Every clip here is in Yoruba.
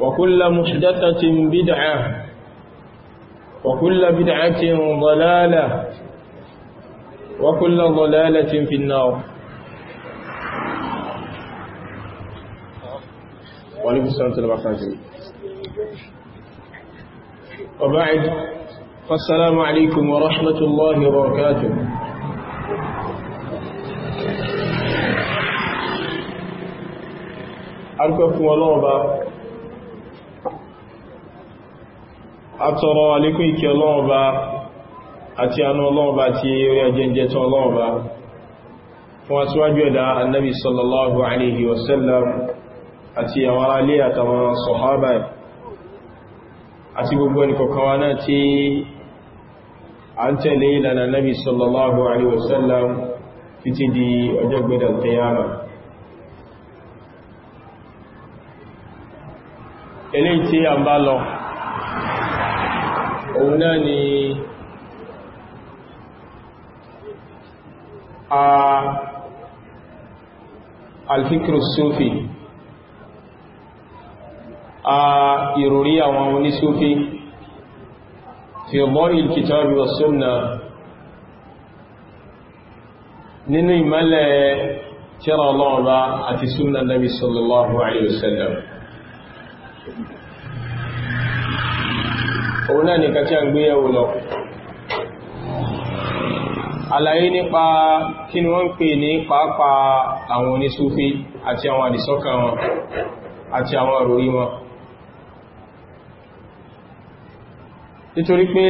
وكل محدثة بدعة وكل بدعة ضلالة وكل ضلالة في النار وعليكم السلام وبركاته وبعد فالسلام عليكم ورحمة الله وبركاته أركبكم الله atọrọ alékún ìkẹ́ ọlọ́ọ̀bá àti anú ọlọ́ọ̀bá àti orí ajẹ́jẹ́ tán ọlọ́ọ̀bá fún aṣíwájú ẹ̀dá annabi sallallahu alaihi wasallam àti àwọn alé àtàwọn sọ̀hábà àti gbogbo ẹnìkọ̀kan wa náà tí a ń tẹ̀lé ìlànà annabi sallallahu eléyìí tí a ń bá lọ òun náà ni a alfikir sufi a ìròrí àwọn onísúfi fi ọmọrí ìkìtàrí ọ̀sán náà nínú ìmọ́lẹ̀ tíra ọlọ́ọ̀bá àti súnà nàbí sallallahu alayhi wasallam òun náà nìkan tí a ń gbé yẹ̀wò lọ àlàyé nípa kí ni wọ́n ń pè ní pàápàá àwọn onísúfí àti àwọn àdìsọ́kà wọn àti àwọn àròrí wọn nítorí pé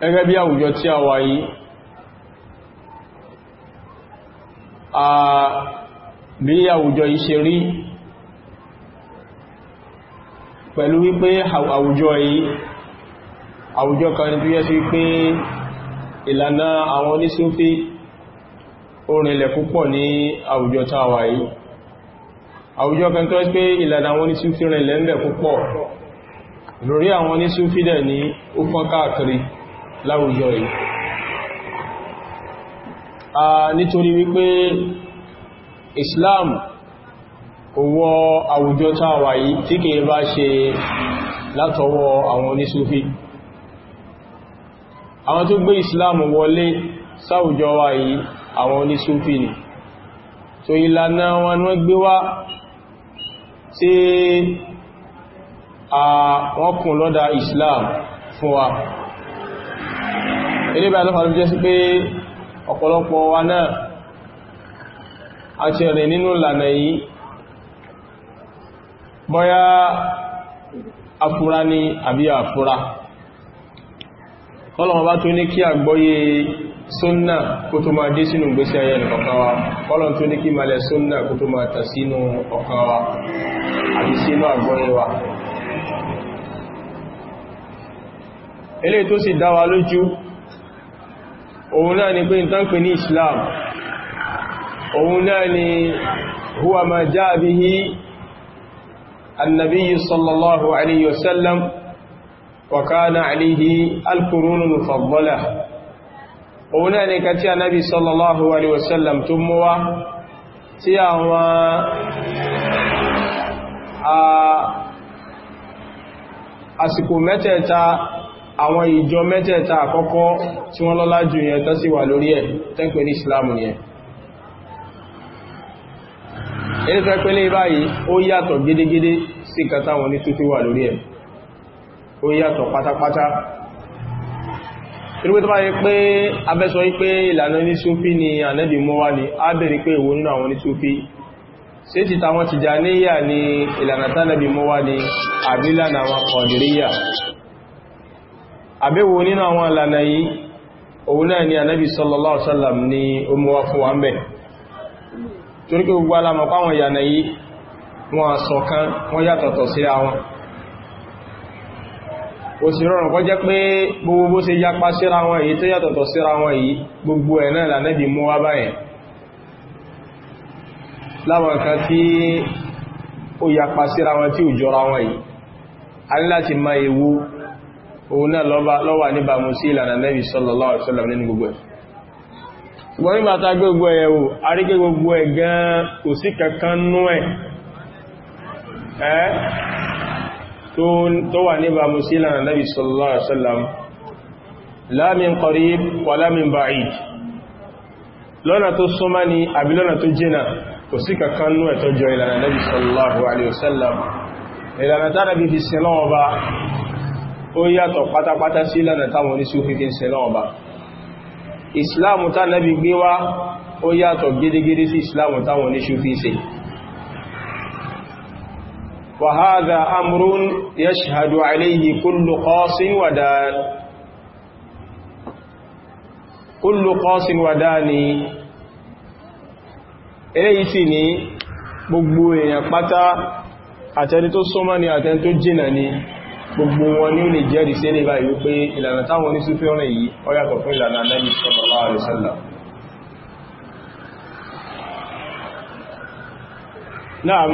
gẹ́gẹ́ bí àwùjọ tí a wà yìí bí àwùjọ yìí rí pẹ̀lú wípé àwùjọ yìí àwùjọ kan ní tó yẹ́ sí pé ìlànà àwọn onísúfí orinlẹ̀ púpọ̀ ní àwùjọ táwà yìí àwùjọ kan tó pé ìlànà àwọn onísúfí orinlẹ̀ ńlẹ̀ púpọ̀ lórí àwọn onísúfí dẹ̀ ní ó fọ́n káàkiri láwùjọ yìí nítorí wípé Islam owó àwùjọ táwà yìí tí kìí bá ṣe látọwọ́ àwọn onísúfí àwọn tó gbé islam wọlé sáwùjọ wa yìí àwọn onísúfí ni tó ìlànà wọn wọ́n gbé wá tí a wọ́n kùn lọ́dá islam fún wa ilé bá lọ́fà jẹ́ sí pé ọ̀pọ̀lọpọ̀ wa náà a ti rìn nínú ìlànà yìí bọ́yá afúra ní àbí àfúra kọ́lọ̀mọ̀ bá tó ní kí àgbọ́yé súnnà kó tó máa dé sínú gbésí ayé ọ̀kawa kọ́lọ̀m tó ní kí malẹ̀ súnnà kó tó máa Islam òun ni huwa ma النبي صلى الله عليه وسلم وكان عليه القرون المفضلة هناك تي نبي صلى الله عليه وسلم تموا تي هو àsìkò mẹ́tẹ̀ẹ̀ta àwọn ìjọ mẹ́tẹ̀ẹ̀ta àkọ́kọ́ tí wọ́n lọ́lá jù yẹn tán sì wà lórí ẹ̀ tẹ́pẹ̀ ní ìsìlámù yẹn ẹni tó pẹ́ lẹ́yìn báyìí ó yàtọ̀ gédégédé sí kàtà wọn ní tútù wà lórí ẹ̀ ó yàtọ̀ pátápátá irúgbé tó bá yẹ pé abẹ́sọ wípé ìlànà ní súfí ni ànẹ́bì mọ́ wá ní ábẹ̀rí pé èwo nínú àwọn ní súfí sí ti tàwọn Tìjàníyà ni ìlànà tánẹ́bì mọ́ wá ní àbílànà àwọn Kọ̀dìríyà àbẹ́wò nínú àwọn ìlànà yìí òun náà ni ànẹ́bì sallallahu alaihi wasallam ni ó mọ́ wá fún wa ń torí pé gbogbo alamọ̀ páwọn ìyànà yìí wọn ṣọ̀kan wọn yàtọ̀tọ̀ sí àwọn ó sì rọrùn kọ́ jẹ́ pé gbogbo bó ṣe yapa síra wọn èyí tó yàtọ̀tọ̀ síra wọn yìí gbogbo ẹ̀ náà lànẹ́bì mú wá báyẹn láwọn nǹkan tí ó yapa síra wọn tí ò jọra wọn yìí wọ́n nígbà tá gbogbo ẹ̀ o a rí pé gbogbo ẹ̀ gan kò sí kankan nú ẹ̀ ẹ́ tó wà ní bá musílà na nabi sallallahu alaihi wasallam la min qarib wa la min ba'id lọ́nà tó súnmọ́ ni àbí lọ́nà tó jìnà kò sí kankan nú ẹ̀ tó jọ ìlànà nabi sallallahu alaihi wasallam ìlànà tára bí fi sin ó yàtọ̀ pátápátá sí ìlànà táwọn oníṣòfin fi ìsìláàmù tá nẹ́bí gbé wá ó yàtọ̀ gidigidi sí ìsìláàmù táwọn oníṣù fi ṣe wa hadha amrun yashhadu alayhi kullu qasin wa dan kullu qasin wa dani eléyìí sì ní gbogbo èèyàn pátá àtẹni tó súnmọ́ ni àtẹni tó jìnà ni gbogbo wọn ní ó lè jẹ́rìí sí ẹlẹ́bà yìí pé ìlànà táwọn ní súfẹ́ ọ̀rẹ́ yìí ó fún ìlànà Ànábì sallallahu alaihi wasallam Naam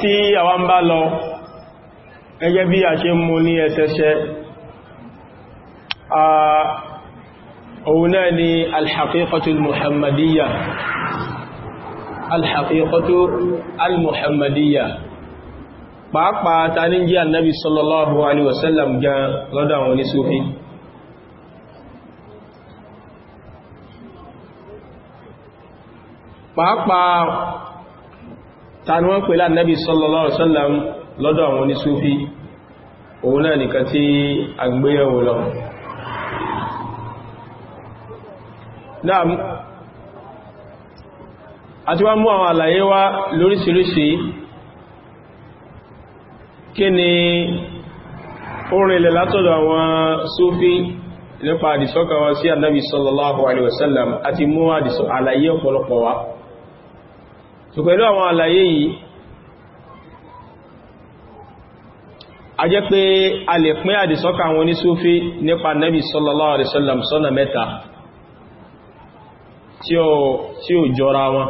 tí àwa ń bá lọ gẹ́gẹ́ bí a ṣe mú ní ẹsẹsẹ òun náà ni al muhammadiyya alhaqiqatu almuhammadiyya pàápàá ta ní jí annabi sallallahu alaihi wasallam gan lọ́dọ̀ àwọn onísúfí pàápàá ta ní wọ́n pèlá annabi sallallahu alaihi wasallam lọ́dọ̀ àwọn onísúfí òun náà nìkan tí agbéyẹ̀wò lọ àti wá mú àwọn àlàyé wá lóríṣiríṣi kí ni orin ilẹ̀ látọ̀dọ̀ àwọn Súfí nípa àdìsọ́kà wọn sí Ànábì sallallahu alaihi wasallam àti mú àdìsọ́ àlàyé ọ̀pọ̀lọpọ̀ wá so pẹ̀lú àwọn àlàyé yìí a jẹ́ pé a lè pín àdìsọ́kà àwọn onísúfí nípa Ànábì sallallahu alaihi wasallam sọ́nà mẹ́ta tí ó jọra wọn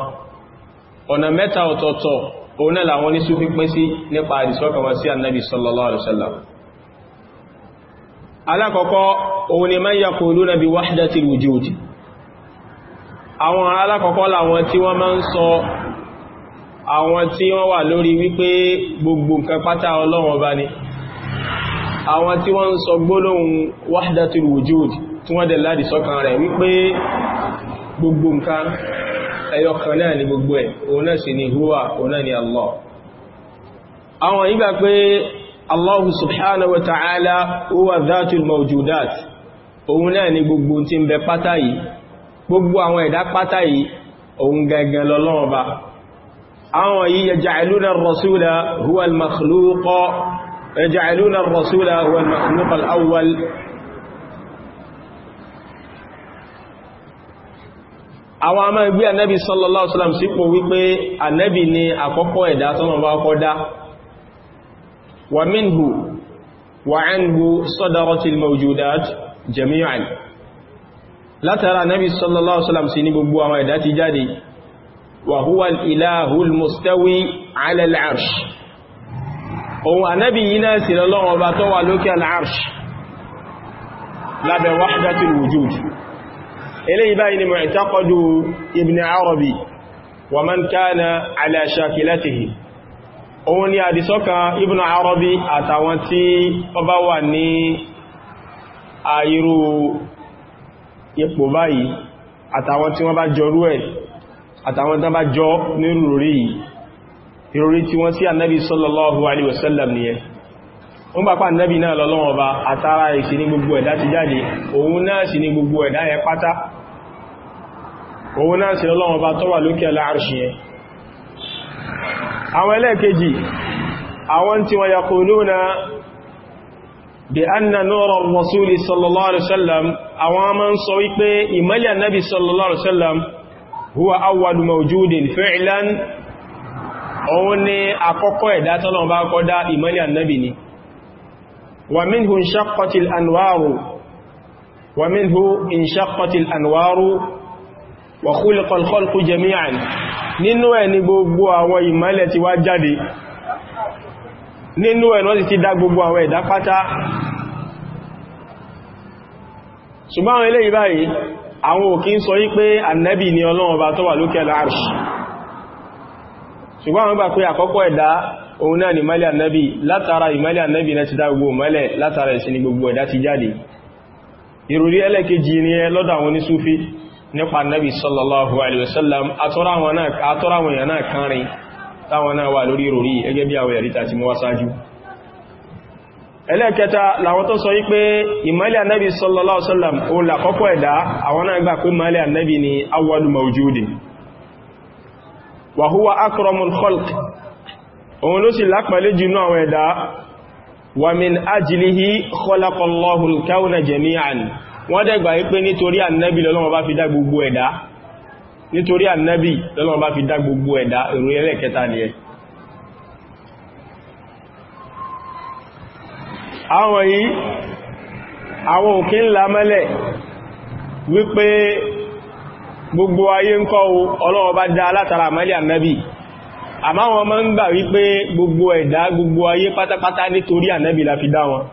ọ̀nà mẹ́ta ọ̀tọ̀ọ̀tọ̀ òun náà làwọn oníṣúfí pín sí nípa àdìsọ́kàn wọn sí annabi sallallahu alaihi wasallam alákọ̀ọ́kọ́ òun ni man yaquluna bi wahdatil wujud àwọn alákọ̀ọ́kọ́ làwọn tí wọ́n máa ń sọ àwọn tí wọ́n wà lórí wípé gbogbo nǹkan pátá ọlọ́wọ́n bá ní àwọn tí wọ́n ń sọ gbólóhùn wahdatul wujud tí wọ́n dẹ̀ ládìsọ́kàn rẹ̀ wípé gbogbo nǹkan ẹyọ kan náà ni gbogbo ẹ̀ òun náà sì ni huwa òun náà ni Allah àwọn ìgbà pé Allah subhanahu wa ta'ala huwa dhatul mawjudat òun náà ni gbogbo tí ń bẹ pátá yìí gbogbo àwọn ẹ̀dá pátá yìí òun gangan àwọn àmà ìgbé ànẹ́bì sallallahu alaihi wasallam sípò wípé ànẹ́bì ni àkọ́kọ́ ẹ̀dá tọ́nà bá kọ́ dá wa minhu wa anhu sadaratil mawjudat jami'an látara ànẹ́bì sallallahu alaihi wasallam sí ní gbogbo àwọn ẹ̀dá ti jáde wa huwa al-ilahul mustawi ala al-arsh ohun ànẹ́bì yìí náà wujud eléyìí báyìí ni mu'taqadu ibn arabi wa man kana ala shakilatihi òun ni àdìsọ́kan ibn arabi àtàwọn tí ó bá wà ní àìrú ipò báyìí àtàwọn tí wọ́n bá jọrú ẹ̀ àtàwọn tán bá jọ ní yìí wọ́n bá pa nẹ́bì náà lọ́lọ́wọ́ bá àtàrà ìṣẹ́ ní gbogbo ẹ̀dá ti jáde òun náà sì ní gbogbo ẹ̀dá yẹ pátá òun náà sì lọ́lọ́wọ́ bá tọ́wà lókè aláàrùsì yẹn àwọn ẹlẹ́ẹ̀kejì àwọn tí wọ́n yaquluna bí anna nura rasuli sallallahu alaihi wasallam àwọn máa ń sọ wípé ìmọ́lẹ̀ nabi sallallahu alaihi wasallam òun ni àkọ́kọ́ ẹ̀dá tọ́lọ̀ bá kọ́ dá ìmọ́lẹ̀ nabi ni ومنه انشقت الأنوار ومنه انشقت الأنوار وخلق الخلق جميعا nínú ẹ̀ ni gbogbo àwọn ìmọ́lẹ̀ ti wá jáde nínú ẹ̀ wọ́n ti dá gbogbo àwọn ẹ̀dá pátá ṣùgbọ́n àwọn eléyìí báyìí àwọn òkí ń sọ wípé annabi ni Ọlọ́run ọba tó wà lókè al-arsh ṣùgbọ́n àwọn gbà pé àkọ́kọ́ ẹ̀dá òun náà ni ìmọ́lẹ̀ ànábì látara ìmọ́lẹ̀ ànábì náà ti dá gbogbo ìmọ́lẹ̀ látara ẹ̀sìn ni gbogbo ẹ̀dá ti jáde ìròrí ẹlẹ́kejì ni ẹ lọ́dọ̀ àwọn onísúfí nípa ànábì sallallahu alaihi wasallam atọ́ra àwọn èèyàn náà kánrin táwọn náà wà lórí ìròrí gẹ́gẹ́ bí àwọn ẹ̀ríta ti mú wá sáájú ẹlẹ́kẹta làwọn tó sọ yí pé ìmọ́lẹ̀ ànábì sallallahu alaihi wasallam ó làkọ́kọ́ wa huwa akramul khalq òun ló sì lápàálé jùnú àwọn ẹ̀dá wa min ajilihi khalaqallahu al-kawna jami'an wọ́n dẹ̀gbà wípé nítorí annabi lọ́lọ́wọ́ bá fi dá gbogbo ẹ̀dá nítorí annabi lọ́lọ́wọ́ bá fi dá gbogbo ẹ̀dá ìròyìn ẹlẹ́kẹta ni ẹ àwọn yìí àwọn òkè ńlá mẹ́lẹ̀ àmá wọn máa ń gbà wípé gbogbo ẹ̀dá gbogbo ayé pátápátá nítorí ànábì la fi dá wọn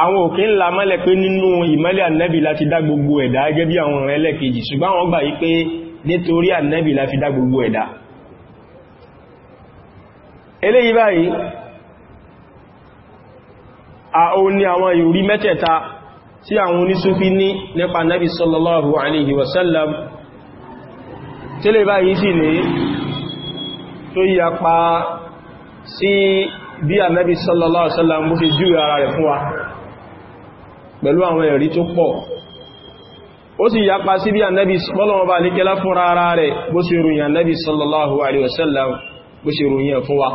àwọn òkè ńlá mọ́lẹ̀ pé nínú ìmọ́lẹ̀ ànábì la ti dá gbogbo ẹ̀dá gẹ́gẹ́ bí àwọn ọ̀rẹ́ lẹ́kejì ṣùgbọ́n wọ́n gbà wípé nítorí ànábì la fi dá gbogbo ẹ̀dá eléyìí báyìí àwọn ni àwọn ìròrí mẹ́tẹ̀ẹ̀ta tí àwọn onísúfí sallallahu alaihi wasallam tẹ́lẹ̀ báyìí sì tó yapa sí bí ànábì sallallahu alaihi wasallam bó ṣe júwe ara rẹ̀ fún wa pẹ̀lú àwọn ẹ̀rí tó pọ̀ ó sì yapa sí bí ànábì bọ́lọ̀wọ́ bá alékẹ́lá fún ara rẹ̀ bó ṣe ròyìn ànábì sallallahu alaihi wasallam bó ṣe ròyìn fún wa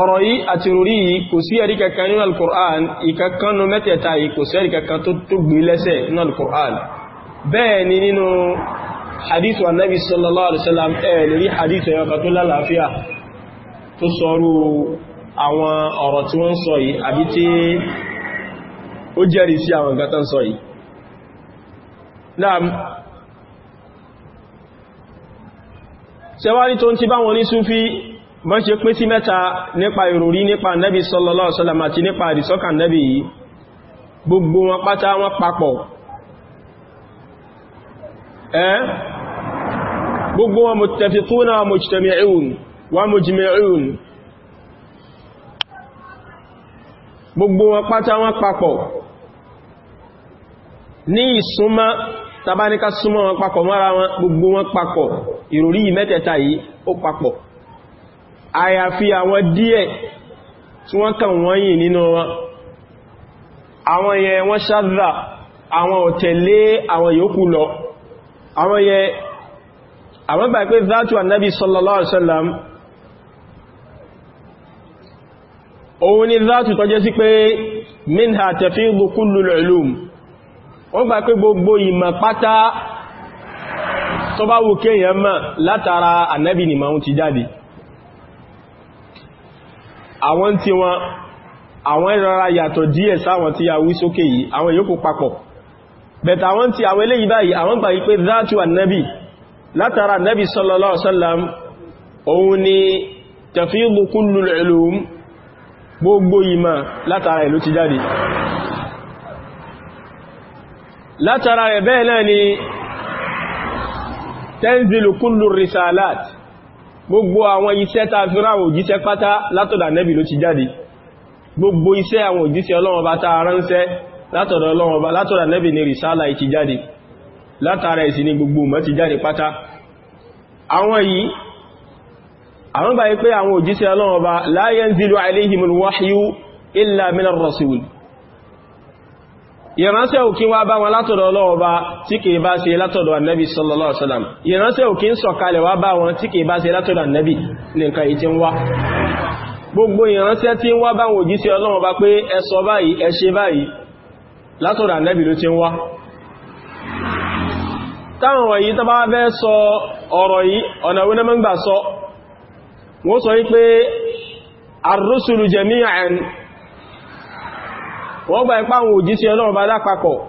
ọ̀rọ̀ yìí al-Qur'an ìkankanu mẹ́tẹ̀ẹ̀ta yìí kò al-Qur'an bẹ́ẹ̀ ni hadith wa nabi sallallahu alaihi wasallam ẹ̀ lórí hadith ẹ̀yọkà tó lálàáfíà tó sọrú àwọn ọ̀rọ̀ tí wọ́n sọ yìí àbí tí ó jẹ́rìí sí àwọn gátán sọ yìí náà ṣẹwárí tó ń ti bá wọn ní súnfí bọ́n ṣe pín sí mẹ́ta nípa ìròrí nípa nabi sallallahu alaihi wasallam àti nípa àdìsọ́kà nabi yìí gbogbo wọn pátá wọn papọ̀ Eh? gbogbo wọn muttafiquna wa mujtami'un wa mujmi'un gbogbo wọn pátá wọn papọ̀ ní ìsúnmọ́ tàbáníká súnmọ́ wọn papọ̀ mọ́ra wọn gbogbo wọn papọ̀ ìròrí yìí ó papọ̀ àyàfi àwọn díẹ̀ tí wọ́n kàn wọ́n yìí nínú wọn àwọn yẹn lọ àwọn yẹ àwọn gbà pé zátù annabi sallallahu alaihi wasallam òun ni zátù tó jẹ́ sí pé minha tafidu kullul ulum wọ́n gbà pé gbogbo ìmọ̀ pátá tó bá wù kéèyàn mọ̀ látara annabi ni ma ń ti jáde àwọn tí wọn àwọn ìrọra yàtọ̀ díẹ̀ sáwọn tí a wí sókè yìí àwọn yòókù papọ̀ bẹ̀tà àwọn tí àwọn eléyìí báyìí àwọn gbà wípé dáàtù annabi látara annabi sallallahu alaihi wasallam òun ni tafidu kullu al-ulum gbogbo ìmọ̀ látara ìlú ti jáde látara rẹ̀ bẹ́ẹ̀ náà ni tanzilu kullu risalat gbogbo àwọn iṣẹ́ ta fi rán òjíṣẹ́ pátá látọ̀dà nẹ́bì ló ti jáde gbogbo iṣẹ́ àwọn òjíṣẹ́ ọlọ́wọ́ bá ta ránṣẹ́ látọ̀dọ̀ ọlọ́run ọba látọ̀dọ̀ ànábì ni rìsálà yìí ti jáde látara ẹ̀sìn ni gbogbo ọmọ ti jáde pátá àwọn yìí àwọn gbà pé àwọn òjíṣẹ́ ọlọ́run ọba la yanzilu alayhimul wahyu illa minar rasul ìránṣẹ́ òkí wá bá wọn látọ̀dọ̀ ọlọ́run ọba tí kìí bá ṣe látọ̀dọ̀ ànábì sallallahu alaihi wasallam ìránṣẹ́ òkí ń sọ̀kalẹ̀ wá bá wọn tí kìí bá ṣe látọ̀dọ̀ ànábì nìkan èyí ọlọ́run ọba pé ẹ báyìí ẹ báyìí látọ̀rọ̀ ànẹ́bì ló ti ń wá táwọn wọ̀nyí tó bá fẹ́ sọ ọ̀rọ̀ yìí ọ̀nà wọ́n mọ́ gbà sọ wọ́n sọ wípé ar-rusulu jami'an wọ́n gbà ipá àwọn òjíṣẹ́ Ọlọ́run bá lápapọ̀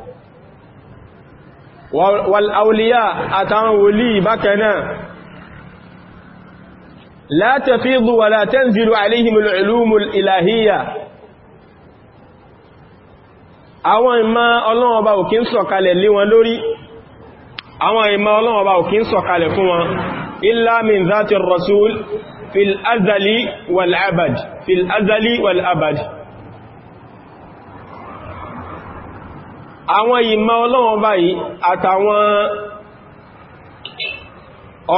àwọn ìmá ọlọ́wọ́ bá òkín sọ̀kalẹ̀ lé wọn lórí àwọn ìmá ọlọ́wọ́ bá òkín sọ̀kalẹ̀ fún wọn illa min zati rasul fil azali wal abad fil azali wal abad àwọn ìmá ọlọ́wọ́ báyìí àtàwọn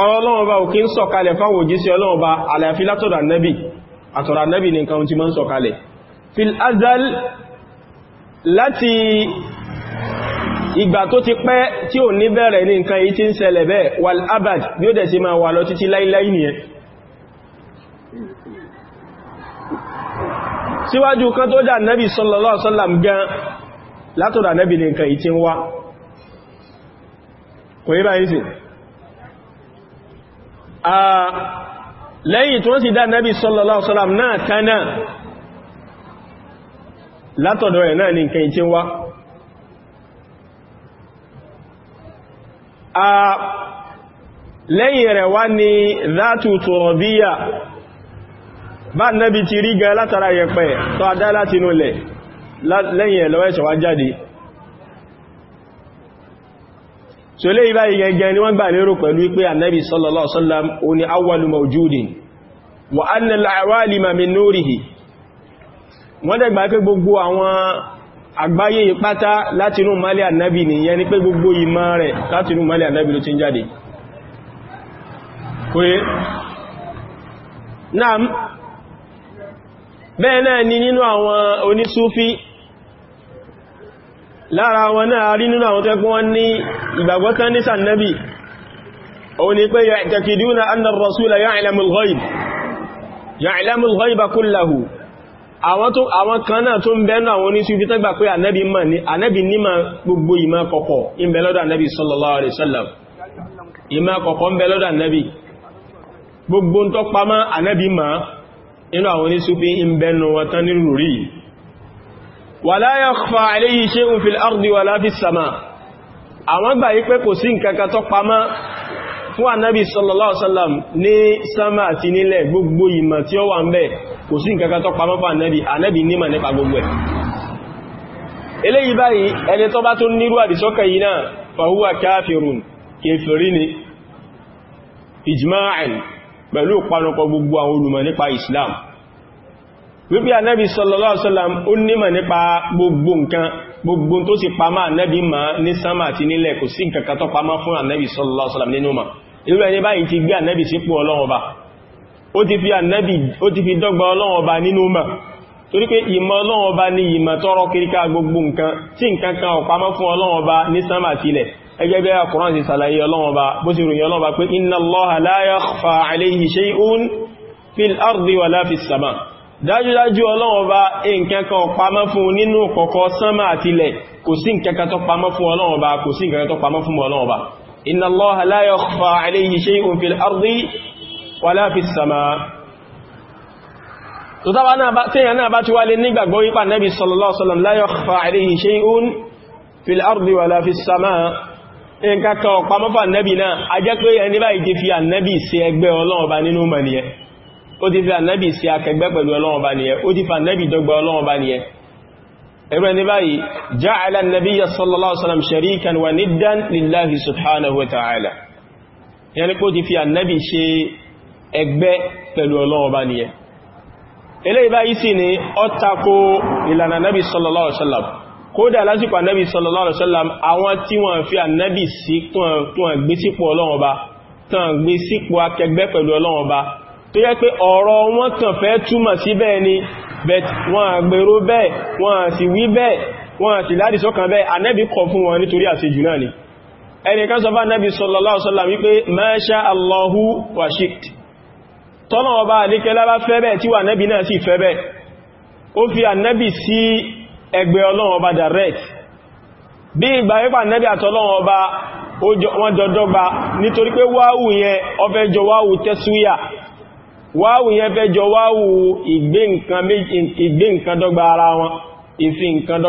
ọ̀rọ̀ ọlọ́wọ́ bá òkín sọ̀kalẹ̀ fáwọn òjíṣẹ́ láti ìgbà tó ti pẹ́ tí ò ní bẹ̀rẹ̀ ní nǹkan èyí tí ń ṣẹlẹ̀ bẹ́ẹ̀ wal abad bí ó dẹ̀ sí máa wà lọ títí láíláí nìyẹn síwájú kan tó dà nẹ́bì sallallahu alaihi wasallam gan látọ̀dà nẹ́bì ní nǹkan èyí tí ń wá kò yí báyìí sí sallallahu alaihi wasallam náà tánà látọ̀dọ̀ ẹ̀ náà ni nǹkan ìtí wá a lẹ́yìn rẹ̀ wá ni dhatu turabiyya bá nábi ti rí gan látara yẹ̀pẹ̀ tó adá láti nulẹ̀ lẹ́yìn ẹ̀lọ́wọ́ ẹ̀ṣẹ̀ wá jáde so lè ibá igẹ̀gẹ̀ ni wọ́n gbà lérò pẹ̀lú pé annabi sallallahu alaihi wasallam ó ni awwalu mawjudin wa annal wọ́n dẹ̀gbà pé gbogbo àwọn àgbáyé ìpátá látinú mali annabi nìyẹn ni pé gbogbo ìmọ̀ rẹ̀ látinú mali annabi ló ti ń jáde kòye náà bẹ́ẹ̀ náà ni nínú àwọn onísúfí lára wọn náà rí nínú àwọn tẹ́kún wọn ní ìgbàgbọ́ kan ní sànnábì òun ni pé ya'takiduna àwọn kan náà tó ń bẹ́nu àwọn oníṣúfí tán gbà pé ànábì mọ̀ ní ànábì nímọ̀ gbogbo ìmọ̀ kọ̀kọ̀ ń bẹ lọ́dọ̀ ànábì sallallahu alaihi wasallam ìmọ̀ kọ̀kọ̀ ń bẹ lọ́dọ̀ ànábì gbogbo fún ànábì sallallahu alaihi wasallam ní sama àti nílẹ̀ gbogbo ìmọ̀ tí ó wà ń bẹ kò sí nǹkan tó pamọ́ fún ànábì ànábì nímọ̀ nípa gbogbo ẹ̀ eléyìí báyìí ẹni tó bá tó nírú àdìsọ́kà yìí náà fahuwa káfirun kèfèrí ni ijma'an pẹ̀lú ìpanupọ̀ gbogbo àwọn olùmọ̀ nípa islam wípé ànábì sallallahu alaihi wasallam ó nímọ̀ nípa gbogbo nǹkan gbogbo tó sì ma ní sánmà àti nílẹ̀ kò sí nǹkan sallallahu alaihi wasallam nínú ma irú ẹni báyìí ti gbé ànábì ó ti fi ànábì ó ti fi dọ́gba ọlọ́run ọba nínú mà torí pé ìmọ̀ ọlọ́run ọba ni ìmọ̀ tọrọ kíríká gbogbo nǹkan tí nǹkan kan ò pamọ́ fún ọlọ́run ọba ní sánmà tilẹ̀ ẹgẹ́ bí Al-Qur'an ti sàlàyé ọlọ́run ọba bó ti ròyìn ọlọ́run ọba pé inna Allaha la yakhfa alayhi shay'un fil ardi wala fis sama dájúdájú ọlọ́run ọba nǹkan kan ò pamọ́ fún nínú kọ̀kọ̀ sánmà tilẹ̀ kò sí nǹkan kan tó pamọ́ fún ọlọ́run ọba kò sí nǹkan kan tó pamọ́ fún ọlọ́run ọba inna Allaha la yakhfa alayhi shay'un fil ardi wala fi samaa tó tábà tíyàn náà bá ti wá lè nígbàgbọ́ wípa nẹ́bí sallallahu alaihi wasallam la yakhfa alayhi shay'un fil ardi wala fi samaa nǹkan kan ọ̀pá mọ́fà nẹ́bí náà a jẹ́ pé ẹni báyìí ti fi ànẹ́bí sí ẹgbẹ́ Ọlọ́run Ọba nínú mẹ́niyẹ ó ti fi ànẹ́bí sí akẹgbẹ́ pẹ̀lú Ọlọ́run Ọba nìyẹn ó ti fi ànẹ́bí dọ́gba Ọlọ́run Ọba nìyẹn ẹ̀rọ ẹni báyìí yẹni kó ti fi ànẹ́bí ṣe ẹgbẹ́ pẹ̀lú ọlọ́run bá nìyẹn eléyìí báyìí sì ni ó tako ìlànà nẹ́bí sallallahu alaihi wasallam kódà lásìkò ànẹ́bí sallallahu alaihi wasallam àwọn tí wọ́n fi ànẹ́bí sí tó ń gbé sípò ọlọ́run ọba tó ń gbé sípò akẹgbẹ́ pẹ̀lú ọlọ́run ọba tó yẹ pé ọ̀rọ̀ wọn kàn fẹ́ túmọ̀ sí bẹ́ẹ̀ ni bet wọn àgbèrò bẹ́ẹ̀ wọn sì wí bẹ́ẹ̀ wọn sì láti sọ́kàn bẹ́ẹ̀ ànẹ́bí kọ̀ fún wọn nítorí àṣejù náà ni ẹnìkan sọ fún ànẹ́bí sallallahu tọ́nà ọba àdíkẹlá bá fẹ́ bẹ́ẹ̀ tí wà nẹ́bì náà sì fẹ́ bẹ́ẹ̀ ó fi ànẹ́bì sí ẹgbẹ́ ọlọ́run ọba direct bí ìgbà wípà nẹ́bì àtọ́lọ́run ọba wọ́n jọdọ́gba nítorí pé wáwù yẹn ó fẹ́ jọ wáwù tẹ́síwíyà wáwù yẹn fẹ́ jọ wáwù ìgbé nǹkan ara wọn ìfi nǹkan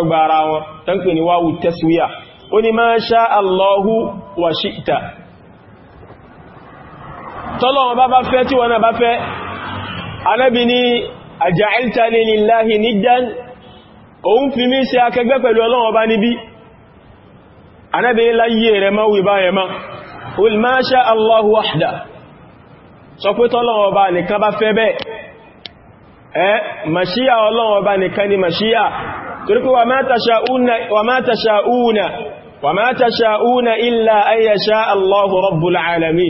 wáwù tẹ́síwíyà ó ní máa ṣá Allahu wa shi'ta tọ́lọ́wọ́n bá bá fẹ́ tí wọ́n bá fẹ́ anábi ni àjàílta ní lillahi niddan òun fi mí ṣe akẹgbẹ́ pẹ̀lú ọlọ́wọ́n bá níbí anábi ni láyé rẹ̀ máa wì bá yẹ máa ul ma sha Allahu wahda sọ pé tọ́lọ́wọ́n bá nìkan bá fẹ́ bẹ́ẹ̀ ẹ́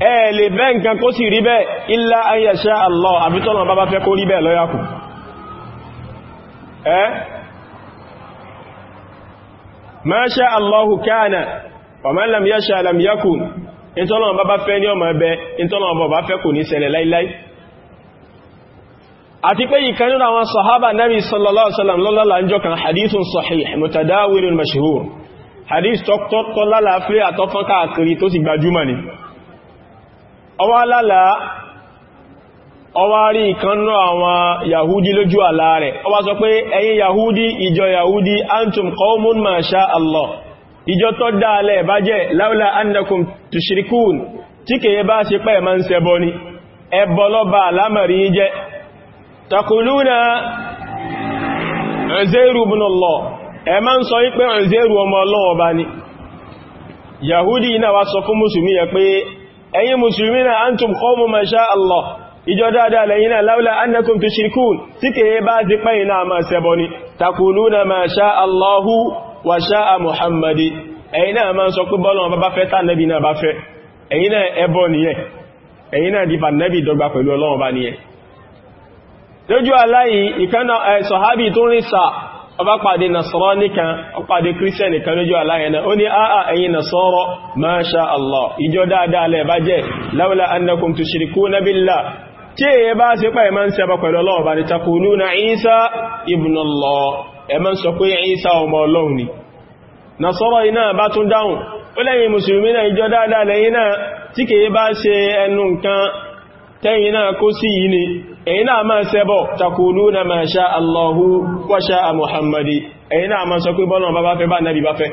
ẹ lè bẹ́ nǹkan kó sì rí bẹ́ẹ̀ illa an yasha Allah àbítọ́nà bá bá fẹ́ kó rí bẹ́ẹ̀ lọ́yàkù ẹ́ ma sha Allahu kana wa man lam yasha lam yakun ìtọ́nà bá bá fẹ́ ní ọmọ ẹbẹ́ ìtọ́nà bá bá fẹ́ kò ní ṣẹlẹ̀ láíláí àti pé ìkan ọwá lálá ọwá rí ìkannú àwọn yahudi lójú àlá rẹ̀ ọwá sọ pé ẹ̀yin yahudi ìjọ yahudi antum qawmun ma sha Allah ìjọ tó dáalẹ̀ bá jẹ́ laula annakum tushrikun tí kèye bá ṣe pẹ́ ma ń ṣẹbọ ni ẹbọ lọ́ba alámàrí jẹ́ takuluna Uzairu ibn Allah ẹ ma ń ẹ̀yin musulmi na an tum kọmu ma sha Allah ìjọ dáadáa lẹ́yìn náà láwọ́lá annakum tushrikun tí kèye bá ti pẹ́yìn náà ma sẹ́bọ̀ ni takuluna ma sha Allahu wa sha a Muhammadi ẹ̀yin náà ma sọ pé bọ́lọ̀ bá fẹ́ tá ọba pàdé nasọ́rọ́ nìkan ọpàdé kírísẹ̀nì kan lójú aláyẹ̀nà ó ní àà ẹ̀yin nasọ́rọ́ masha Allah ìjọ dáadáa lẹ́ẹ̀bá jẹ́ laula annakum tushrikuna billah tí èyẹ bá sí pẹ́ ẹ̀mọ́ ń sẹ́bọ̀ pẹ̀lú ọlọ́run bá ní taquluna Isa ibn Allah ẹ̀mọ́ sọ pé Isa ọmọ ọlọ́run ni nasọ́rọ́ iná bá tún dáhùn ó tẹ́yìn náà kó sí yìí ni èyí náà máa sẹ́bọ̀ takòlú na máa ṣá Allahu wa ṣá Muhammadi èyí náà máa sọ pé bọ́nà bá bá fẹ́ bá nẹ́bí bá fẹ́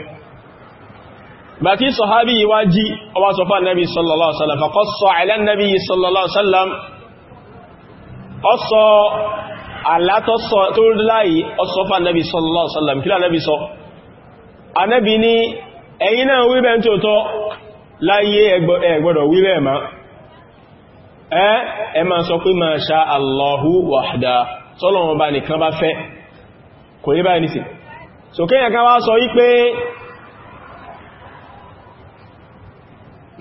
bá tí sọ̀hábí wá jí ọwá sọ fà nẹ́bí sallallahu alaihi wasallam faqassa ala nabi sallallahu alaihi wasallam ọsọ alátọ́sọ tó láyé ọsọ fà nẹ́bí sallallahu alaihi wasallam ẹ́ ẹ ma sọ pé ma ṣá Allahu wahda tọ́lọ̀wọ̀n bá nìkan bá fẹ́ kò ní báyìí nìsìn so kẹ́yàn kan wá sọ wípé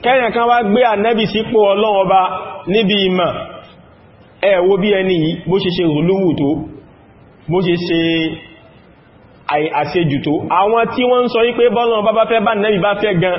kẹ́yàn kan wá gbé ànẹ́bì sípò ọlọ́wọ̀n bá níbi ìmọ̀ ẹ wo bí ẹni yìí bó ṣe ṣe rùlúwù tó bó ṣe ṣe àṣejù tó àwọn tí wọ́n ń sọ wípé bọ́lọ̀ bá bá fẹ́ bá nẹ́bì bá fẹ́ gan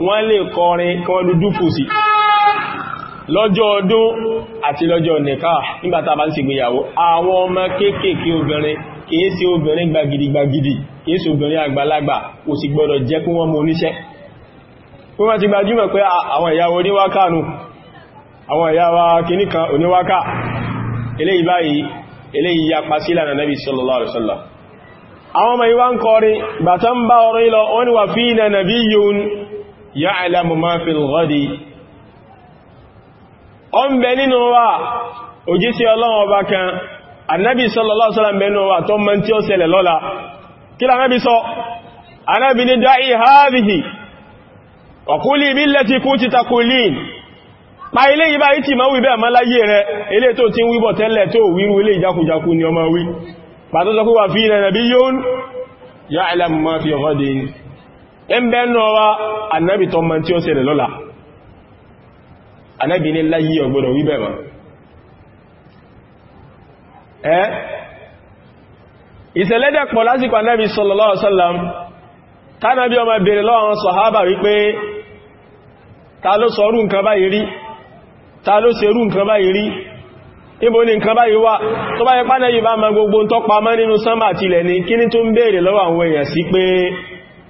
wọ́n lè kọrin kí wọ́n dúdú fù sí lọ́jọ́ ọdún àti lọ́jọ́ nìká nígbàtà bá ń ṣe gbéyàwó àwọn ọmọ kéékèèké obìnrin kìí sí obìnrin gbagidi gbagidi kìí sí obìnrin àgbàlagbà kò sì gbọdọ̀ jẹ́ kí wọ́n oníṣẹ́ àwọn ya ọmọ ìwá ń kọrin bàtán bá wọ́n ni wà ya'lamu ma fil ghadi ó ń bẹ nínú wa òjíṣẹ́ Ọlọ́run ọba kan annabi sallallahu alaihi wasallam bẹnu wa tó mọ̀ tí ó ṣẹlẹ̀ lọ́la kí la nabi sọ anabi ni da'i hadhihi wa quli billati kunti taqulin pa ilé yìí báyìí tí ma wí bẹ́ẹ̀ mọ́láyé rẹ̀ ilé tó ti ń wíbọ̀ tẹ́lẹ̀ tó wíru ilé ìjákùjákù ni ọmọ wí ma fi ghadi in bẹ́ẹ̀nù ọwá annabi tó mọ̀ tí ó sẹ̀rẹ̀ lọ́la annabi ní láyé ọgbọ̀dọ̀ wíbẹ̀ ma ẹ́ ìṣẹ̀lẹ́dẹ̀ pọ̀ lásìkò annabi sallallahu alaihi wasallam tánàbí ọmọ bèèrè lọ́wọ́n sọ̀hábà wípé ta ló sọrú nǹkan ta tó báyìí pánẹ̀ yìí bá ma gbogbo ń tọ́pa mọ́ sánmà tilẹ̀ ní tó ń bèèrè lọ́wọ́ àwọn èèyàn sí pé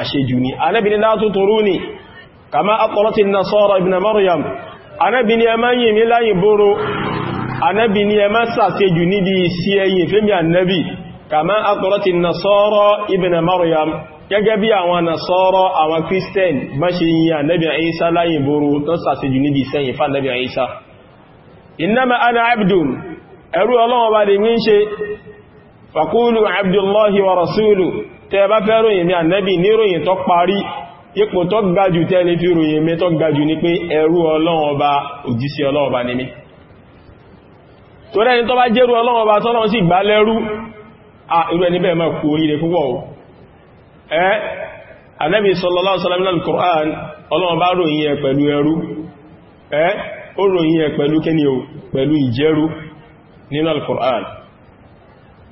àṣejù ni Ànábì ní la tuturuni kama aqratin nasara ibn maryam Ànábì ní ẹ má yìn mí láyìn bóró Ànábì ní ẹ má ṣàṣejù níbi sí ẹyìn fẹ́mi Ànábì kama aqratin nasara ibn maryam gẹ́gẹ́ bí àwọn nasara àwọn christian bá ṣe yìn Ànábì Ìsá láyìn bóró tán ṣàṣejù níbi sẹ́yìn fún Ànábì Ìsá innama ana abdun ẹrú Ọlọ́run bá lè ní ṣe faqulu abdullahi wa rasuluhu tẹ bá fẹ́ ròyìn mi ànẹ́bì ní ròyìn tó parí ipò tó gajù tẹ́ni fi ròyìn mi tó gajù ní pé ẹrú ọlọ́run ọba òjíṣẹ́ ọlọ́run ọba ni mí tó rẹni tó bá jẹ́rú ọlọ́run ọba tọ́lọ́run sì gbà lẹ́rú irú ẹni bẹ́ẹ̀ máa kú oríire púpọ̀ o ẹ́ ànẹ́bì sallallahu alaihi wasallam al-Qur'an ọlọ́run ọba ròyìn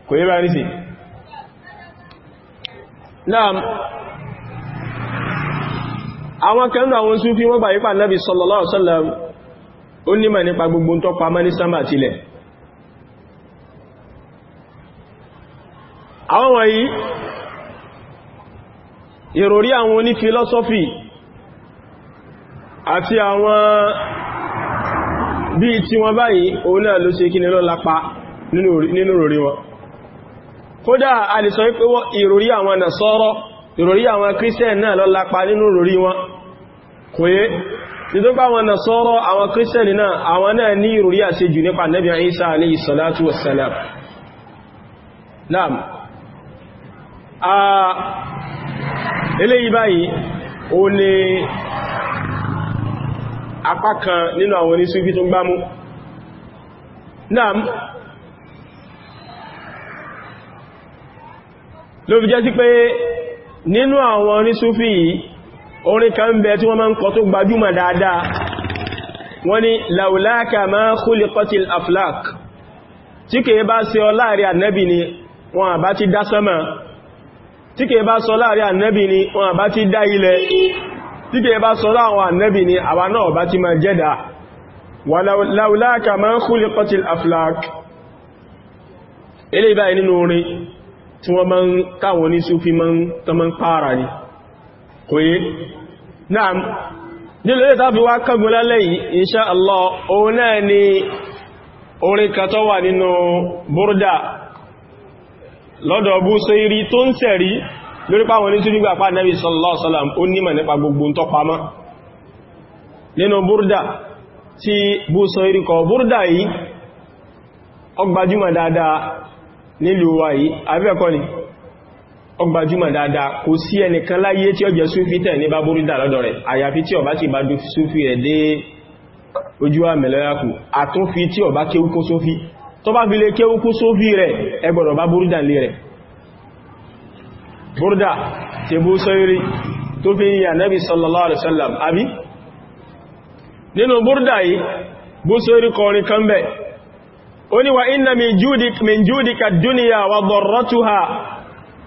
kò yẹ́ bá rí sí Naam àwọn kan náà wọn Súfí wọ́n gbà yípa Nábì sallallahu alaihi wasallam ó nímọ̀ nípa gbogbo tó pamọ́ ní sánmà tilẹ̀ àwọn wọ̀nyí ìròrí àwọn oní philosophy àti àwọn bí i tí wọ́n báyìí òun náà ló ṣe kí ni lọ́lapa nínú wọn kódà a lè sọ wípé ìròrí àwọn nàṣọ́rọ̀ ìròrí àwọn kírísẹ̀n náà lọ lápa nínú ìròrí wọn kò yé nítorí àwọn nàṣọ́rọ̀ àwọn kírísẹ̀n náà àwọn náà ní ìròrí àṣejù nípa Nabi Isa alayhi salatu wassalam naam a eléyìí báyìí ó ní apá kan nínú àwọn oníṣúgbí tó gbámú ló fi jẹ́ sí pé nínú àwọn onísúfí yìí orin kan bẹ tí wọ́n máa ń kọ tó gbajúmọ̀ dáadáa wọ́n ní laulaka ma khuliqatil aflak tí kìí bá ṣe ọ láàrin ànẹ́bì ni wọn àbá ti dá sánmà tí kìí bá sọ láàrin ànẹ́bì ni wọn àbá ti dá ilẹ̀ tí kìí bá sọ láwọn ànẹ́bì ni àwa náà bá ti máa jẹ́dà wà laulaka ma khuliqatil aflak tí wọ́n máa ń táwọn ní súfí máa ń pààrà ní kò yé náà nílò lè tàbí wá kàgbọ́n lálẹ́ yìí inṣá Allah òun náà ni orin kan tó wà nínú búrúdà lọ́dọ̀ bú sẹ́rí tó ń sẹ̀rí lórí páwọn ní súfí gbà Nabi sallallahu alaihi wasallam ó nímọ̀ nípa gbogbo ń tọ́pamọ́ nínú búrúdà tí bú sẹ́rí kọ búrúdà nílùú wa yìí abẹ́ẹ̀kọ́ ni ó gbajúmọ̀ dáadáa kò sí ẹnìkan láyé tí ó jẹ́ súfí tẹ̀ ní bá búrúdà lọ́dọ̀ rẹ̀ àyàfi tí ọba ti bá dú súfí rẹ̀ dé ojú àmẹ́lẹ́yàkù àtúnfi tí ọba kéwúkú súfí tó bá fi lè kéwúkú súfí rẹ̀ ẹgbọ̀rọ̀ bá búrúdà lé rẹ̀ búrúdà ti sallallahu alaihi wasallam àbí nínú búrúdà yìí bú sọ́rí kọrin kan oni wa inna min judik min judika dunya wa dharratuha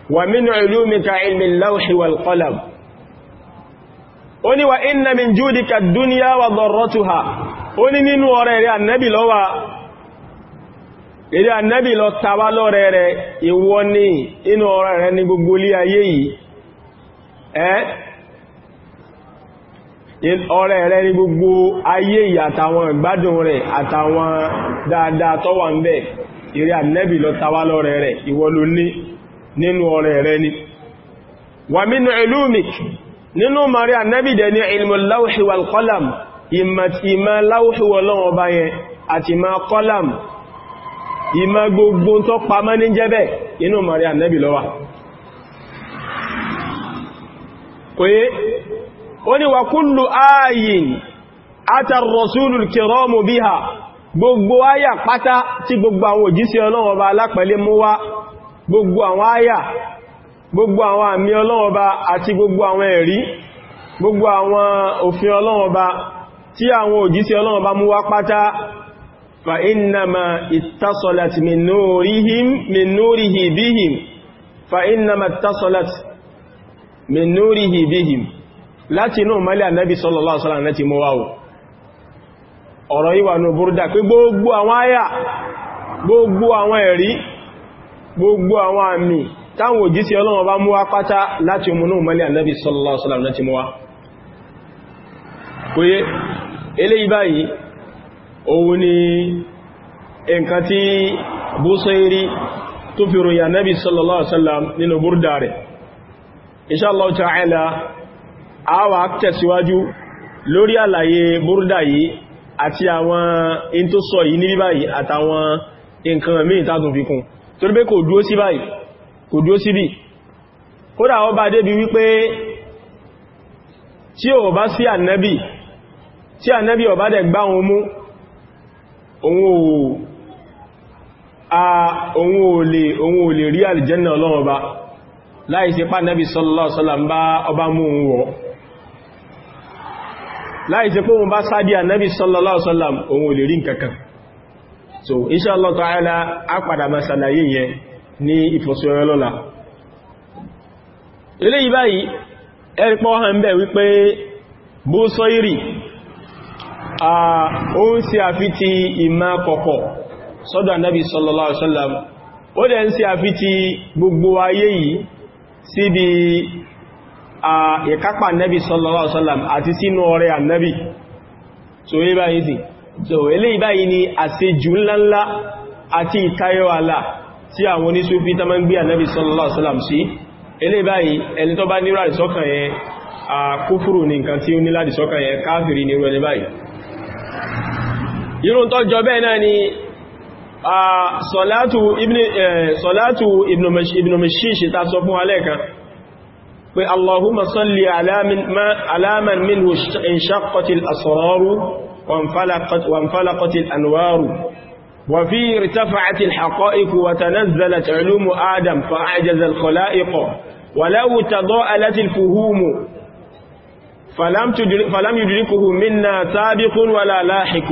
wa min ulumika ilmi al-lawh wal qalam oni wa inna min judika dunya wa dharratuha oni nínú ọrẹ rẹ annabi ló wà ere annabi ló tawa lọ́rẹ rẹ ìwọ ni inú ọrẹ rẹ ni gbogbo li ayé yìí eh ọ̀rẹ́ rẹ̀ ní gbogbo ayé ìyàtàwọn ìgbádùn rẹ̀ àtàwọn dáadáa tó wà ń bẹ̀ ìrẹ́ ànẹ́bì lọ tawá lọ́rẹ̀ rẹ̀ ìwọ ló ní nínú ọ̀rẹ́ rẹ̀ ni wà mínú ilúmik nínú mari ànẹ́bì dẹ̀ ní ilmù kòye ó ní wa kullu ayin atar rasulul kiramu biha gbogbo àyà pátá tí gbogbo àwọn òjíṣẹ́ Ọlọ́run Ọba alápẹ̀lẹ́ mú wá gbogbo àwọn àyà gbogbo àwọn àmì Ọlọ́run àti gbogbo àwọn ẹ̀rí gbogbo àwọn òfin Ọlọ́run tí àwọn òjíṣẹ́ Ọlọ́run mú wá pátá fa innama ittasalat min nurihim min láti inú mẹ́lẹ̀ ànábì sallallahu alaihi wasallam láti mọ́ wáwọ̀ ọ̀rọ̀ yìí wà ní Búrúdà pé gbogbo àwọn àyà gbogbo àwọn ẹ̀rí gbogbo àwọn àmì táwọn òjísí Ọlọ́run bá mú wá pátá láti inú mẹ́lẹ̀ ànábì sallallahu alaihi wasallam láti mọ́ wá kóyé eléyìí báyìí òun ni nǹkan tí a wà tẹ̀síwájú lórí àlàyé búrúdà yìí àti àwọn in tó sọ yìí níbí báyìí àtàwọn nǹkan míì tàbí fi kún torí pé kò dúó sí báyìí kò dúó sí bí kódà ó bá débi wípé tí ò bá sí ànẹ́bì tí ànẹ́bì ò bá dẹ̀ gbá òun mú òun ò lè rí àlìjẹ́nà ọlọ́run ọba láìsí pá ànẹ́bì sallallahu bá ọba mú òun wọ̀ láì ṣe pé wọn bá sáàdì ànábì sallallahu wasallam so insha Allah ta'ala á padà máa ṣàlàyé yẹn ní ìfọ̀síwẹ́rẹ́ lọ́la ilé ìbáyìí ẹ̀rìpọ̀ hàn bẹ̀ wípé Busoiri ó ń ṣe àfi ti ìmá kọ̀kọ̀ sọ́dọ̀ ànábì sallallahu alaihi wasallam ó dẹ̀ ń gbogbo ayé yìí ìkápà nẹ́bí sallallahu alaihi wasallam àti sínú ọrẹ ànẹ́bí so ilé báyìí sí so ilé ìbáyìí ni àṣejù ńláńlá àti ìtayọ àlà tí àwọn oníṣúfí tó máa ń gbé ànẹ́bí sallallahu alaihi wasallam sí ilé báyìí ẹni tó bá ní ràdìsọ́kàn yẹn kúfùrù ní nǹkan tí ó ní ládìsọ́kàn yẹn káfìrí ní irú ẹni báyìí irun tó pé Allahumma salli alaman minhu inshaqqatil asraru wa anfalaqatil anwaru wa fi irtafa'atil haqa'iqu wa tanazzalat ulumu adam fa'ajaza al-khala'iqa wa law tada'alatil fuhumu فلم يدركه منا سابق ولا لاحق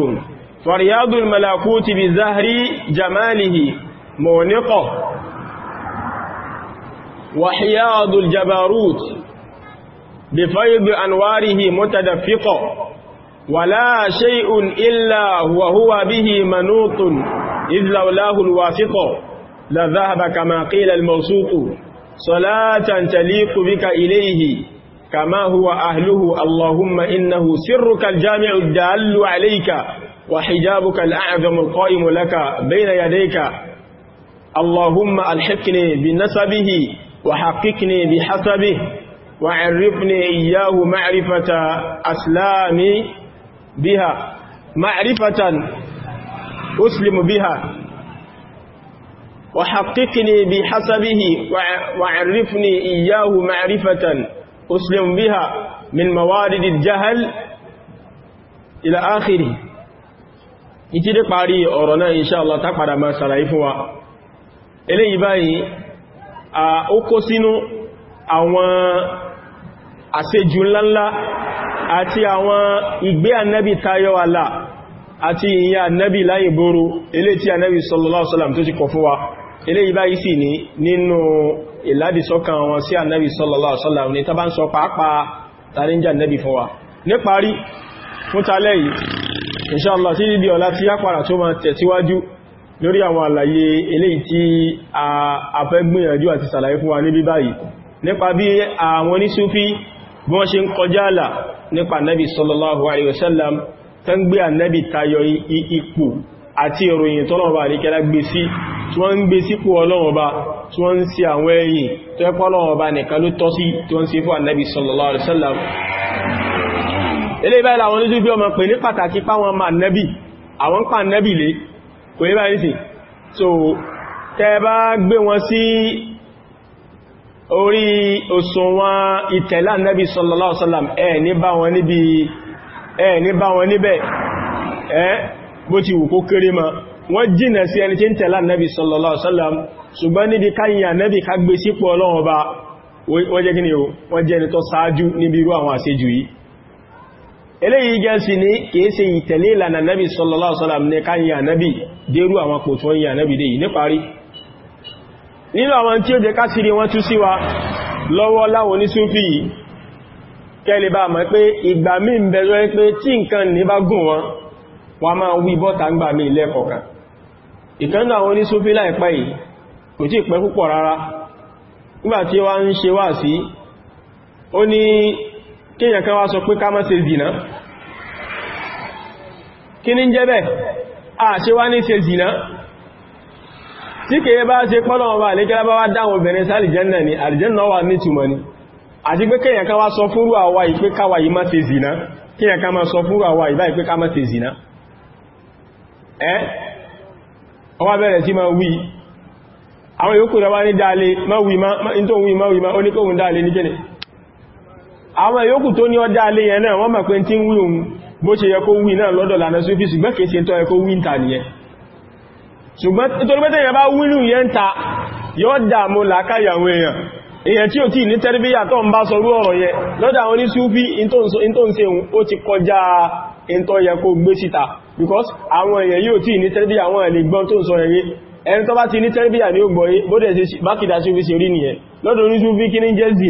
فرياض الملكوت بزهر جماله مونقه وحياض الجباروت بفيض أنواره متدفق ولا شيء إلا وهو به منوط إذ لولاه الواثق لذهب كما قيل الموثوق صلاة تليق بك إليه كما هو أهله اللهم إنه سرك الجامع الدال عليك وحجابك الأعظم القائم لك بين يديك اللهم ألحقني بنسبه وحققني بحسبه وعرفني إياه معرفة أسلامي بها معرفة أسلم بها وحققني بحسبه وعرفني إياه معرفة أسلم بها من موارد الجهل إلى آخره ìtí dé parí ọ̀rọ̀ náà inṣáàlá tá padà máa sàràí fún wa ó kó sínú àwọn àṣejù ńláńlá àti àwọn ìgbé ànábì tayọ àlà àti ìyìn ànábì láyé bóró ilé tí ànábì sallallahu alaihi wasallam tó ti kọ̀ fún wa ilé ìbáyìí sì ní nínú ìládìsọ́kàn wọn sí ànábì sallallahu alaihi wasallam ní tàbá ń sọ pàápàá tàríjà ànábì fún wa níparí fún talẹ́ yìí lórí àwọn àlàyé eléyìí tí a fẹ́ gbìyànjú àti sàlàyé fún wa níbí báyìí nípa bí àwọn onísúfí bí wọ́n ṣe ń kọjá àlà nípa Ànábì sallallahu alaihi wasallam tán gbé Ànábì tayọ ipò àti ìròyìn tọ́lọ̀ọ̀bá àríkẹ́lá gbé sí tí wọ́n ń gbé sípò ọlọ́ọ̀bá tí wọ́n ń sí àwọn ẹ̀yìn tó ẹ́pọ̀ ọlọ́ọ̀bá nìkan tọ́ sallallahu alaihi wasallam ilé ìbáyìí àwọn olójú bí ọmọ pè ní pàtàkì páwọn ọmọ Ànábì àwọn ń pa Ànábì lé kò yí báyìí sí so tẹ bá gbé wọn sí orí òṣùwọ̀n ìtẹ̀lá nẹ́bí sallallahu alaihi wasallam ẹ̀ ní bá wọn níbi ẹ̀ ní bá wọn níbẹ̀ ẹ́ bó ti wù kó kéré ma wọ́n jìnà sí ẹni tí ń tẹ̀lá nẹ́bí sallallahu alaihi wasallam ṣùgbọ́n níbi káyìyà nẹ́bí ká gbé sípò ọlọ́run ọba wọ́n jẹ́ kí eléyìí jẹ́ sí ní kìí ṣe ìtẹ̀lé ìlànà nábi sallallahu alaihi wasallam ní káyà nábi dérú àwọn pò tó ń yà nábi dé yìí níparí nínú àwọn tí ó jẹ kásìrí wọn tú sí wa lọ́wọ́ láwọn onísúfì yìí kẹ́lẹ̀ bá mọ̀ pé ìgbà mí ń bẹ̀rẹ̀ pé tí nǹkan ní bá gùn wọn wà máa wí bọ́ta ń gbà mí lẹ́kọ̀ọ̀kan ìkẹ́nà àwọn onísúfì láìpẹ́ yìí kò tí pẹ́ púpọ̀ rárá nígbà wá ń ṣe wá sí ó ní kíyàn kan wá sọ pé ká ṣe zìnà kí ní jẹ́ bẹ́ẹ̀ ṣe wá ní ṣe zìnà tí kèye ṣe pọ́nà ọba àlékẹ́lá bá wá obìnrin sí ni wà ní ni àti pé kíyàn kan wá sọ fúrú àwa ìpé káwà yìí má ṣe zìnà kíyàn kan má sọ fúrú àwa ìbá ìpé ṣe zìnà ẹ́ ọwá bẹ̀rẹ̀ ma wí àwọn yòókù rẹ̀ ní dáalé wí ní àwọn yòókù tó ní ọdá alé yẹn náà wọ́n mọ̀ pé tí ń wí ohun bó ṣe yẹ kó wí náà lọ́dọ̀ lànà sófí ṣùgbọ́n kìí ṣe tọ́ ẹkó wí ń ta nìyẹn ṣùgbọ́n nítorí pẹ́tẹ̀ yẹn bá wílù yẹn ń ta yọ́ dàmú làákàyàwó èèyàn èèyàn tí ò tí ní tẹ́rìbíyà because àwọn èèyàn yóò tí ní tẹ́rìbíyà àwọn ẹ̀lẹ́ gbọ́n tó ń sọ ẹ̀yẹ ẹni tó bá ti ní tẹ́rìbíyà ní ó gbọ́ yé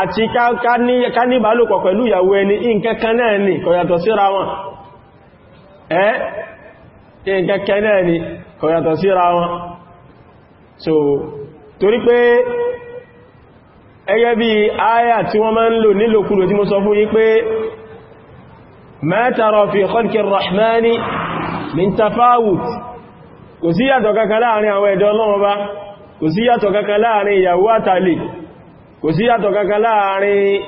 àti ká ní ìbálòpọ̀ pẹ̀lú ìyàwó ẹni ìǹkẹ́kẹ́ náà ni kò yàtọ̀ síra wọn ẹ́ ìǹkẹ́kẹ́ náà ni kò síra wọn so torí pé ẹgẹ́ bí mo sọ fún yí pé ma fi khalqi rahmani min tafawut kò sí yàtọ̀ kankan láàrin àwọn ẹ̀dọ́ ọlọ́wọ́ bá kò sí yàtọ̀ kankan kò sí yàtọ̀ kankan láàrin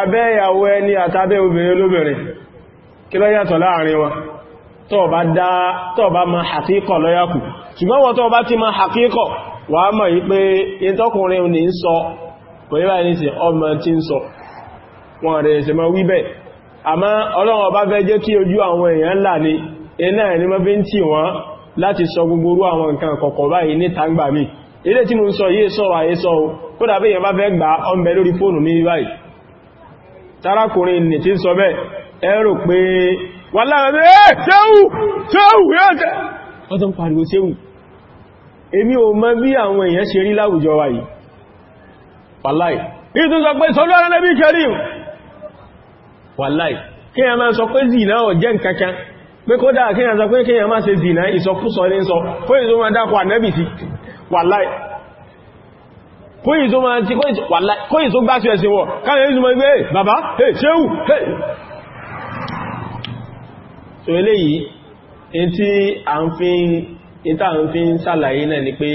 abẹ́ ìyàwó ẹni àtàbẹ́ obìnrin olóbìnrin kí ló yàtọ̀ láàrin wọn tó bá ma hakíkọ̀ lọ́yàkù ṣùgbọ́n wọ́n tó bá ti ma hakíkọ̀ wà á mọ̀ wípé ìtọ́kùnrin ní ń sọ kò yíra ní sí ọmọ tí ń sọ wọn rẹ̀ ṣe mọ́ wíbẹ̀ àmá ọlọ́run ọba fẹ́ jẹ́ kí ojú àwọn èèyàn ilé tí mo ń sọ yíè sọ́rọ̀ ayé sọ kó dàbí èyàn bá fẹ́ gbà ọmọ lórí fóònù mi báyìí tarakùnrin nì tí ń sọ bẹ́ ẹ̀rọ pé wà láàrẹ̀ ṣéwù ṣéwù ọdún pariwo ṣéwù èmi ò mọ̀ bí àwọn èèyàn ṣe rí láwùjọ wa yìí wàláì ìtún sọ pé sọ́lọ́ alẹ́bí kẹrí wàláì kí wàláì kóyìn tó máa ti kóyìn tó gbá ẹ̀sìn wọ káàkiri ìzùmọ̀ ìgbé bàbá hey ṣéhù hey so eléyìí in a ń fi ìta ń fi ń sàlàyé náà ni pé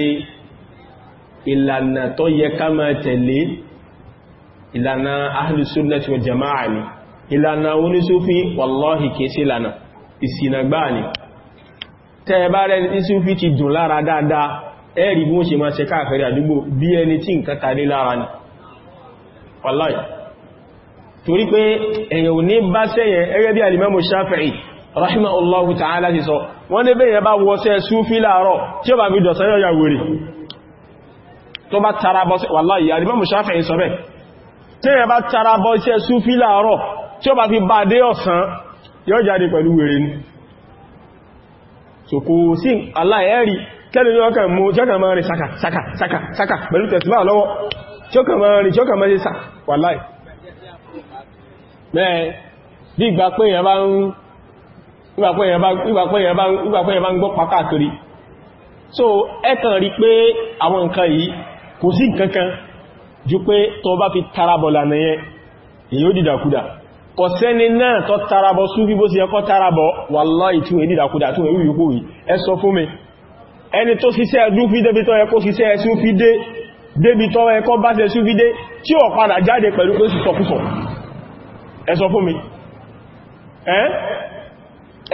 ìlànà tó yẹ ká tẹ̀lé ìlànà ahlu ni ìlànà wàláhì ìlànà ìsìnàgbà ni tẹ́ẹ̀bá rẹ̀ ti dùn lára dáadáa ẹ̀rí bí wọ́n ṣe máa ṣe káàkiri àdúgbò bí ẹni tí nǹkan tàrí lára ní wallahi torí pé èyàn ò ní bá sẹ́yẹn ẹgẹ́ bí alìmọ́mù Shafi'i rahimahullahu ta'ala ti sọ wọ́n ní bẹ́yẹn bá wọ́sẹ́ súfí láàárọ̀ tí ó bá tara tara kẹ́lẹ̀ ní ọkà mú tí ó máa rìn saka saka saka saka pẹ̀lú tẹ̀síbà lọ́wọ́ tí máa rìn tí máa ṣe sà wà láì mẹ́ẹ̀ bí ìgbà pé èèyàn ń so pé àwọn nǹkan yìí ọ̀sẹ́ni náà tarabọ̀ sún bí bó ẹkọ́ tarabọ̀ wà tún èwú yìí ẹ sọ fún mi ẹni tó ṣiṣẹ́ ẹdúfí débi tó yẹ kó ṣiṣẹ́ ẹsú fi dé débi tó yẹ kó bá ṣe ẹsú fi dé tí ó padà jáde pẹ̀lú pé sùsọkúsọ̀ ẹ sọ fún mi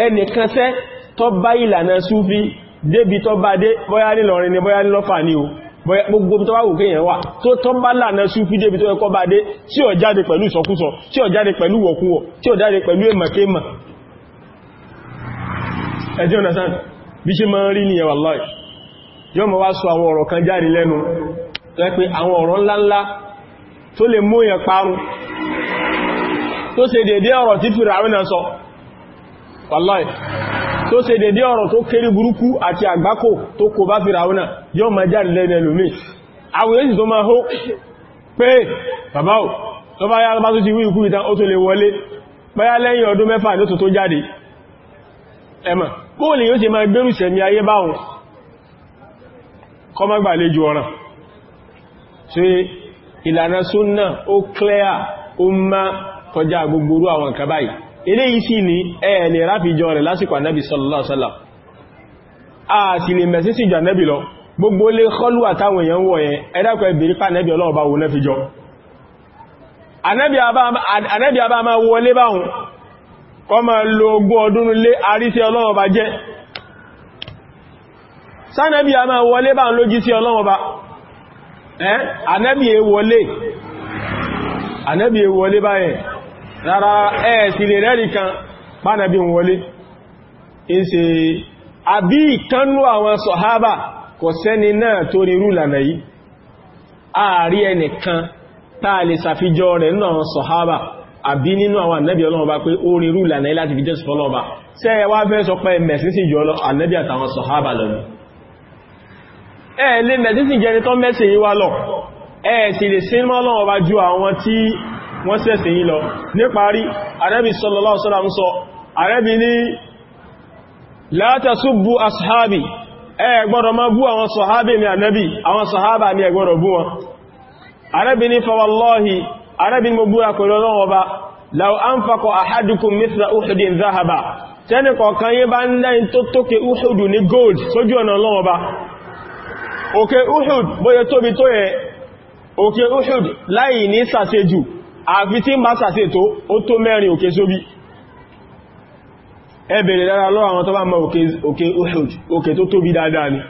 ẹnìkan ṣẹ́ tó bá ìlànà súfí débi tó bá dé bóyá ní lọrin ni bóyá ní lọ́fà ní o gbogbo tó bá wù kéèyàn wà tó tó bá lànà súfí débi tó yẹ kó bá dé tí ó jáde pẹ̀lú ìsọkúsọ tí ó jáde pẹ̀lú wọ̀kúwọ̀ tí ó jáde pẹ̀lú èmọ̀kémọ̀ ẹjọ́ understand bí ṣe máa rí ní ẹwà lọ́ì yọ́ ma wá sọ àwọn ọ̀rọ̀ kan jáde lẹ́nu rẹ̀ pé àwọn ọ̀rọ̀ ńláńlá tó lè mú èèyàn parun tó ṣe dédé ọ̀rọ̀ tí fìràwínà sọ wàláì tó ṣe dédé ọ̀rọ̀ tó kéré burúkú àti àgbákò tó kò bá fìràwínà yọ́ ma jáde ẹ̀mà bóòlì yóò ti máa gbérù sẹ̀mí ayé báhùn kọmọ gbàlejò ọ̀ràn tí ìlànà súnnà ó klẹ́à ó má kọjá gbogbo àwọn nǹkan báyìí eléyìí sì ní ẹ̀ẹ̀lẹ̀ ráfíjọ rẹ̀ lásìkò ànábì sallallahu alaihi wasallam a sì lè mẹ̀sí sí ìjọ ànábì lọ gbogbo lè kọlù àtàwọn èèyàn wọ̀ yẹn ẹ̀dàkọ̀ ẹ̀bìrí pa ànábì ọlọ́ọ̀bá wo náà fi kọ́ máa lo ogún ọdún lé àríṣẹ́ ọlọ́run ọba jẹ́ sánẹ́bí a máa wọlé bá ń lójí sí ọlọ́run ọba ẹ́ ànẹ́bí è e wọlé ànẹ́bí è e wọlé báyẹ̀ rárá ẹ̀ sì lè rẹ́rì kan pánẹ́bí wọlé ń ṣe àbí ìkánú àwọn sọ̀hábà kò sẹ́ni náà tó rí rú lànà yìí ààrí ẹnìkan táà lè sàfijọ́ rẹ̀ nínú sọ̀hábà àbí nínú àwọn ànẹ́bí ọlọ́run bá pé ó rí rú ìlànà láti fi jésù fọ́lọ́run bá ṣe ẹ wá fẹ́ sọ pé mẹ̀sìn sí jọ ànẹ́bí àtàwọn sọ̀hábà lọ́nà ẹ lè mẹ̀sìn sí jẹni tó mẹ́sìn yí wá lọ ẹ sì ju àwọn tí wọ́n sẹ̀sìn yí lọ níparí ànẹ́bí sallallahu alaihi wasallam sọ ànẹ́bí ní la ashabi ẹ gbọ́dọ̀ má bú àwọn sọ̀hábà mi ànẹ́bí mi ẹ gbọ́dọ̀ bú wọn ànẹ́bí ní fawallahi ànẹ́bí ní ọba láwọ́ ánfàkọ̀ àhádùkùn mithla uhudin záhàbà tẹ́nì kọ̀ọ̀kan yí bá ń lẹ́yìn tó tókè uhudu ní gold sójú ọ̀nà lọ́wọ́ bá òkè uhud bóyẹ tóbi tó yẹ òkè uhud láì ní sàṣe jù àfi tí ma sàṣe tó ó tó mẹ́rin òkè sóbi ẹbẹ̀rẹ̀ dára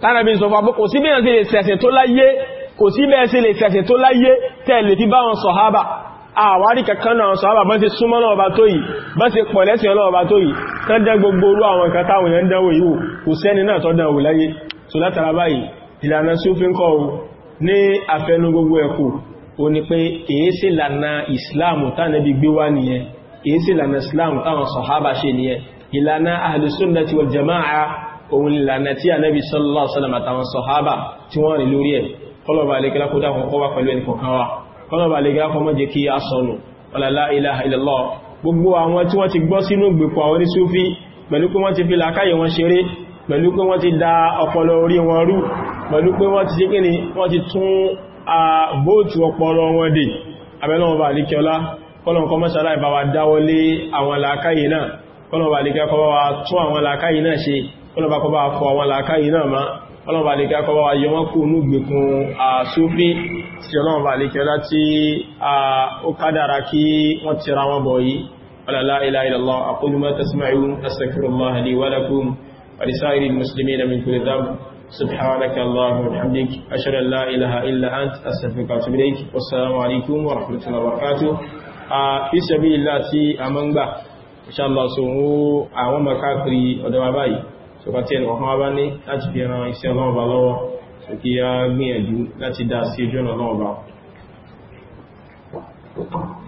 tánàbí sọ fún kò sí bẹ́ẹ̀ sí lè sẹ̀sẹ̀ tó láyé kò sí bẹ́ẹ̀ sí lè sẹ̀sẹ̀ tó láyé tẹ́lẹ̀ fi bá wọn sọ̀hábà àwárí kankan náà sọ̀hábà bá ti súnmọ́ náà bá tó yìí bá ti pọ̀ lẹ́sìn ọlọ́wọ́ bá tó yìí tán dẹ́ gbogbo orú àwọn nǹkan táwọn èèyàn dánwò yìí wò kò ni pé ìlànà ahlus jama'a òun ìlànà tí ànábì sallallahu alaihi wasallam àtàwọn sọ̀hábà tí wọ́n rìn lórí ẹ̀ kọlọ̀bà alẹ́gẹ́lá kó dákùn kọwà pẹ̀lú ẹni kọ̀kan a sọnù la illallah gbogbo àwọn tí wọ́n ti gbọ́ sínú gbèpọ̀ àwọn ní súfí pẹ̀lú pé wọ́n da ọpọlọ orí wọn rú pẹ̀lú ni wọ́n ti a bóòtù ọpọlọ wọn dè abẹ́lọ́wọ́n bá àríkẹ́ọlá kọ́lọ̀kọ́ mọ́sàlá ìbáwà dáwọlé àwọn làákàyè náà kọ́lọ̀wà àríkẹ́kọ́ wá tún àwọn kọlọ̀bá kọba fọ àwọn làkáyì náà ma ọlọ́bà lè kẹ́ kọba yọ wọ́n kú ní gbẹ̀kún àṣúfí tí ọlọ́bà lè kẹ́ láti ó kádàrà kí wọ́n ti ra wọn bọ̀ yìí la ilaha illallah aqulu ma tasma'un astaghfirullah li wa lakum wa lisa'iril muslimina min kulli dhanb subhanaka allahumma wa bihamdika ashhadu an la ilaha illa anta astaghfiruka báyìí sọba tí ẹnì ọ̀kan bá ní láti fi ran iṣẹ́ ọlọ́ọ̀bá lọ́wọ́ so kí a gbìyànjú láti dá sí ojú ọ̀nà ọlọ́ọ̀bá